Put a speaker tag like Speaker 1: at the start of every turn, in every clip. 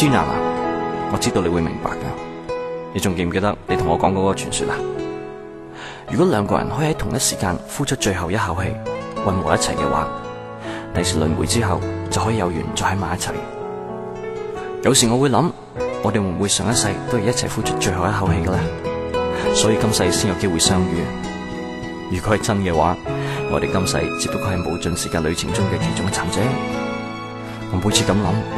Speaker 1: 孫楠，啊，我知道你會明白嘅。你仲記唔記得你同我講嗰個傳說啊？如果兩個人可以喺同一時間呼出最後一口氣，混和一齊嘅話，第時輪迴之後就可以有緣再喺埋一齊。有時我會諗，我哋會唔會上一世都係一齊呼出最後一口氣嘅咧？所以今世先有機會相遇。如果係真嘅話，我哋今世只不過係無盡時間旅程中嘅其中一站者。我每次咁諗。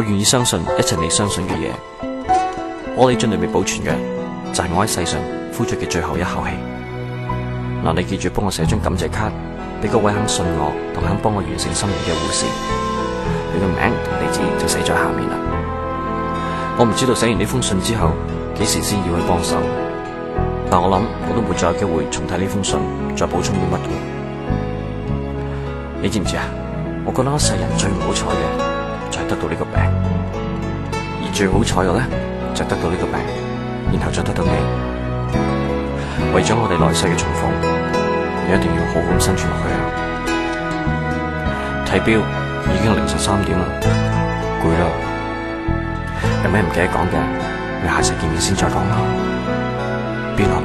Speaker 1: 我願意相信一切你相信嘅嘢，玻璃樽裏面保存嘅就係、是、我喺世上呼出嘅最後一口氣。嗱，你記住幫我寫張感謝卡俾各位肯信我同肯幫我完成心願嘅護士，佢個名同地址就寫咗喺下面啦。我唔知道寫完呢封信之後幾時先要去幫手，但我諗我都冇再有機會重睇呢封信再補充啲乜。你知唔知啊？我覺得我世人最唔好彩嘅。得到呢個病，而最好彩我咧就得到呢個病，然後再得到你，為咗我哋來世嘅重逢，你一定要好好咁生存落去啊！睇錶，已經凌晨三點啦，攰啦，有咩唔記得講嘅，你下次見面先再講啦，
Speaker 2: 別諗。